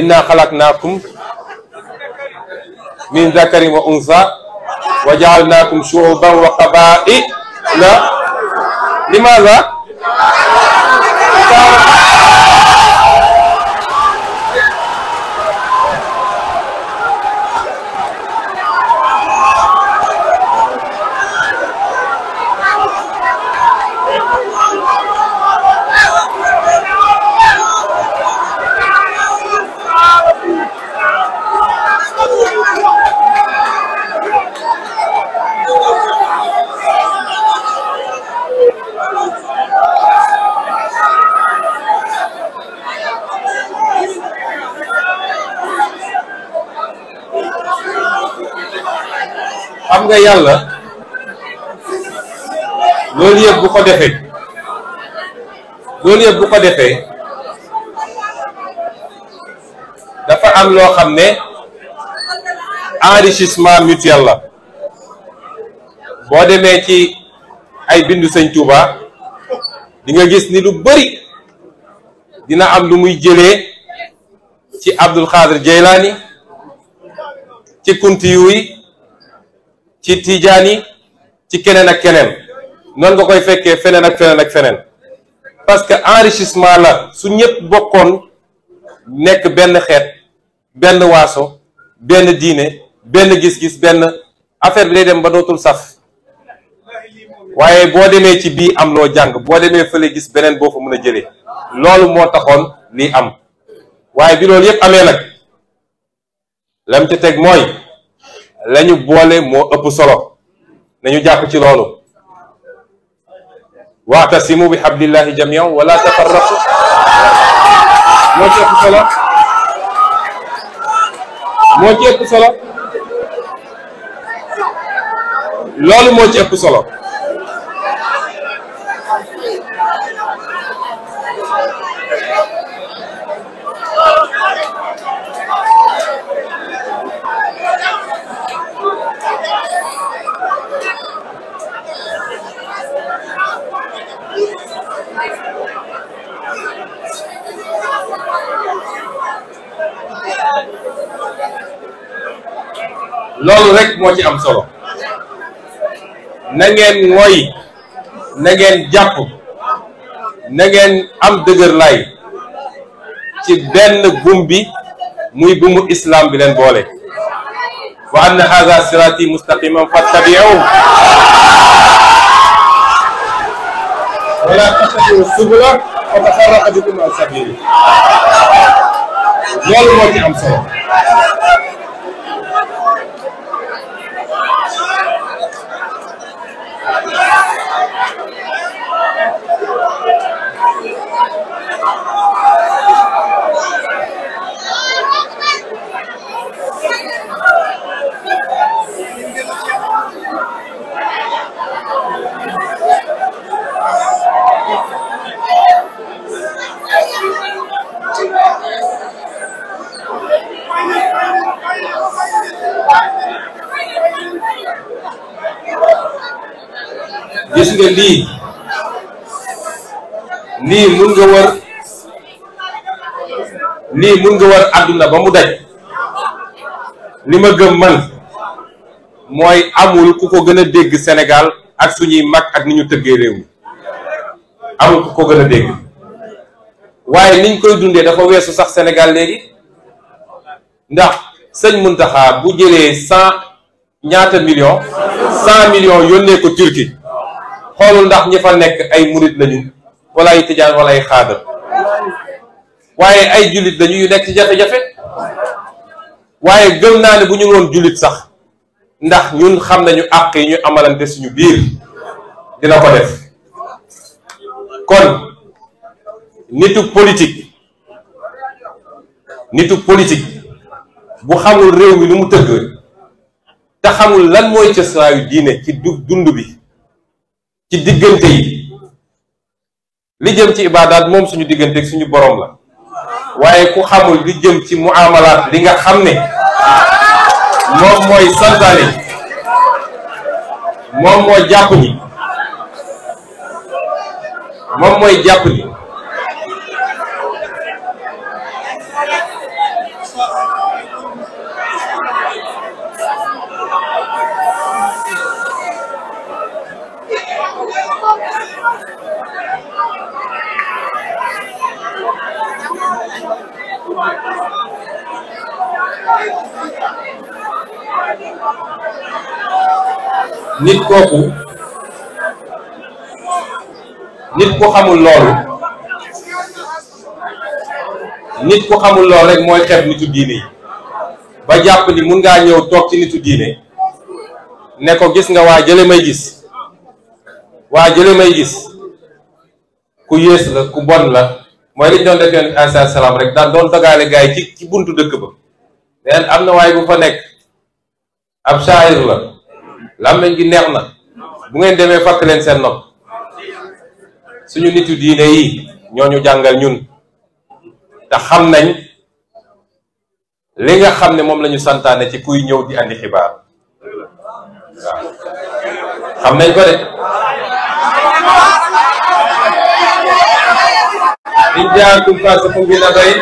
inna xalaqnaakum min zakarin wa unsa wa jaalnaakum shuuban wa qabaa'ila limaada am nga yàlla loolu yëpp bu ko defee loolu yëpp bu ko defee dafa am loo xam ne enrichissement mutuel la boo demee ci ay bindu sëñ Touba dinga gis ni lu bëri dina am lu muy jëlee ci Abdul Xaadir Jeylaani ci kunti ci tijaan yi ci keneen ak keneen noon nga koy fekkee feneen ak feneen ak feneen parce que enrichissement la su ñëpp bokkoon nekk benn xeet benn waaso benn diine benn gis-gis benn affaire bi day dem ba dootul saf waaye boo demee ci bii am loo jàng boo demee fële gis beneen boo fa mën a jëlee loolu moo taxoon li am waaye bi loolu yëpp amee nag lam ca teg mooy la ñu boole moo ëpp solo nañu jàpp ci loolu waatasimu bi hablillahi jamian wala tafarraqu moo ci ëpp solo moo ci ëpp solo loolu solo loolu rek moo ci am solo nangeen ngeen mooy na ngeen jàpp na ngeen am dëgër ci benn buum bi muy buumu islam bi leen boole wa anna hadha sirati mustaqiman fattabi'u wala tattabi'u fa tafarraqa loolu moo ci am solo gis nga lii lii mun nga war lii mun nga war àdduna ba mu daj li ma gëm man mooy amul ku ko gën a dégg Sénégal ak suñuy mag ak ni ñu tëggee réew mi amul ku ko gën a dégg waaye niñ koy dundee dafa su sax Sénégal léegi ndax sëñ Muntaxa bu jëlee cent ñaata million cent million yónnee ko Turquie xoolul ndax ñi fa nekk ay murit lañu wala ay tijaan wala ay xaadar waaye ay jullit lañu yu nekk ci jafe-jafe waaye gëm naa ne bu ñu woon jullit sax ndax ñun xam nañu àq yi ñu amalante suñu biir dina ko def kon nitu politique nitu politique bu xamul réew mi nu mu tëgg te xamul lan mooy cëslaayu diine ci du dund bi ci diggante yi li jëm ci ibaadaat moom suñu diggante ak suñu boroom la waaye ku xamul li jëm ci muamalaat li nga xam ne moom mooy santaane moom mooy jàpp ni moom mooy jàpp ni nit kooku nit ku xamul loolu nit ku xamul lool rek mooy xeeb nitu diine ba jàpp ni mun ngaa ñëw toog ci nitu diine ne ko gis nga waa jële may gis waa jële may gis ku yées la ku bon la mooy liñ doon def sa aleyhi salaam rek daan doon dagaale gaay ci ci buntu dëkk ba neen am na waay bu fa nekk ab saayir la làmmeñ gi neex na bu ngeen demee fàkk leen seen nopp suñu nitu diine yi ñoo ñu jàngal ñun te xam nañ li nga xam ne moom lañu santaane ci kuy ñëw di andi xibaar xam nañ ko de in jaakum faasiqun bi naba'in